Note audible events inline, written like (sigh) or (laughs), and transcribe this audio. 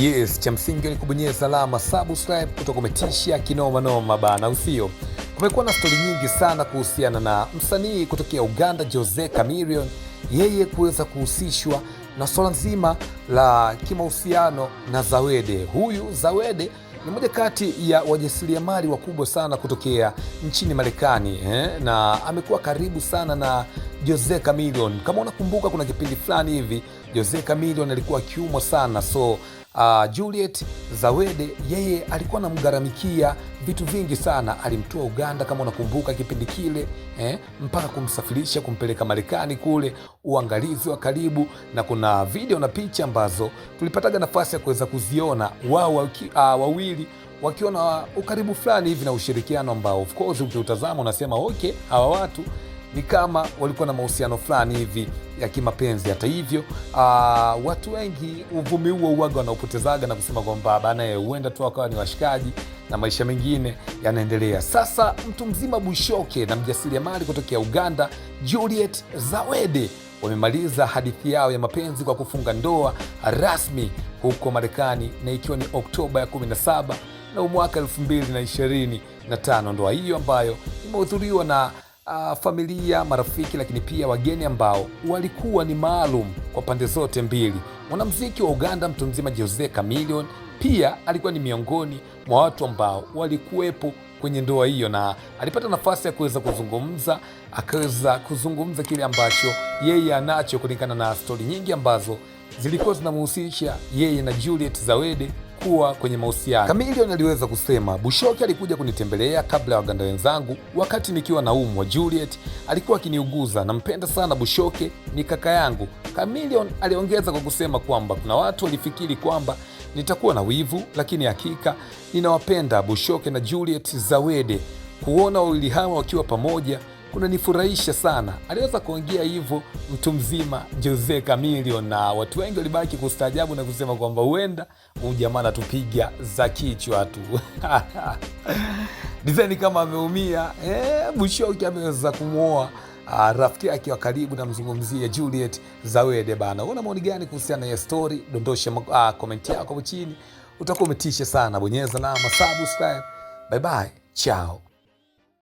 Yes, cha msingi ni kubonyeza salama subscribe kutoka kumetisha kinoma noma bana, usio kumekuwa na stori nyingi sana kuhusiana na msanii kutokea Uganda Jose Chameleone, yeye kuweza kuhusishwa na swala nzima la kimahusiano na Zawede. Huyu Zawede ni moja kati ya wajasiriamali wakubwa sana kutokea nchini Marekani eh, na amekuwa karibu sana na Jose Chameleone. Kama unakumbuka, kuna kipindi fulani hivi Jose Chameleone alikuwa akiumwa sana, so uh, Juliet Zawede yeye alikuwa anamgharamikia vitu vingi sana, alimtoa Uganda kama unakumbuka kipindi kile eh, mpaka kumsafirisha kumpeleka Marekani kule, uangalizi wa karibu, na kuna video na picha ambazo tulipataga nafasi ya kuweza kuziona wao uh, wawili wakiwa na ukaribu fulani hivi na ushirikiano ambao of course ukiutazama unasema okay, hawa watu ni kama walikuwa na mahusiano fulani hivi ya kimapenzi. Hata hivyo, aa, ah, watu wengi uvumi huo uwaga wanaopotezaga na kusema kwamba bana, eh, huenda tu wakawa ni washikaji na maisha mengine yanaendelea. Sasa mtu mzima Bushoke na mjasiriamali kutokea Uganda Juliet Zawede wamemaliza hadithi yao ya mapenzi kwa kufunga ndoa rasmi huko Marekani, na ikiwa ni Oktoba ya 17 na mwaka 2025. Ndoa hiyo ambayo imehudhuriwa na uh, familia, marafiki, lakini pia wageni ambao walikuwa ni maalum kwa pande zote mbili. Mwanamuziki wa Uganda mtu mzima Jose Chameleone pia alikuwa ni miongoni mwa watu ambao walikuwepo kwenye ndoa hiyo, na alipata nafasi ya kuweza kuzungumza, akaweza kuzungumza kile ambacho yeye anacho kulingana na stori nyingi ambazo zilikuwa zinamhusisha yeye na Juliet Zawede kuwa kwenye mahusiano. Chameleone aliweza kusema, Bushoke alikuja kunitembelea kabla ya waganda wenzangu wakati nikiwa naumwa. Juliet alikuwa akiniuguza, nampenda sana Bushoke, ni kaka yangu. Chameleone aliongeza kwa kusema kwamba kuna watu walifikiri kwamba nitakuwa na wivu, lakini hakika ninawapenda Bushoke na Juliet Zawede. Kuona wawili hawa wakiwa pamoja kunanifurahisha sana. Aliweza kuongea hivyo mtu mzima Jose Chameleone, na watu wengi walibaki kustaajabu na kusema kwamba huenda huyu jamaa anatupiga za kichwa tu (laughs) Dizaini kama ameumia eh, Bushoki ameweza kumwoa Uh, ah, rafiki yake wa karibu namzungumzia Juliet Zawede bana. Una maoni gani kuhusiana na story? Dondosha uh, ah, komenti yako hapo chini, utakuwa umetisha sana. Bonyeza alama subscribe. Bye bye, chao.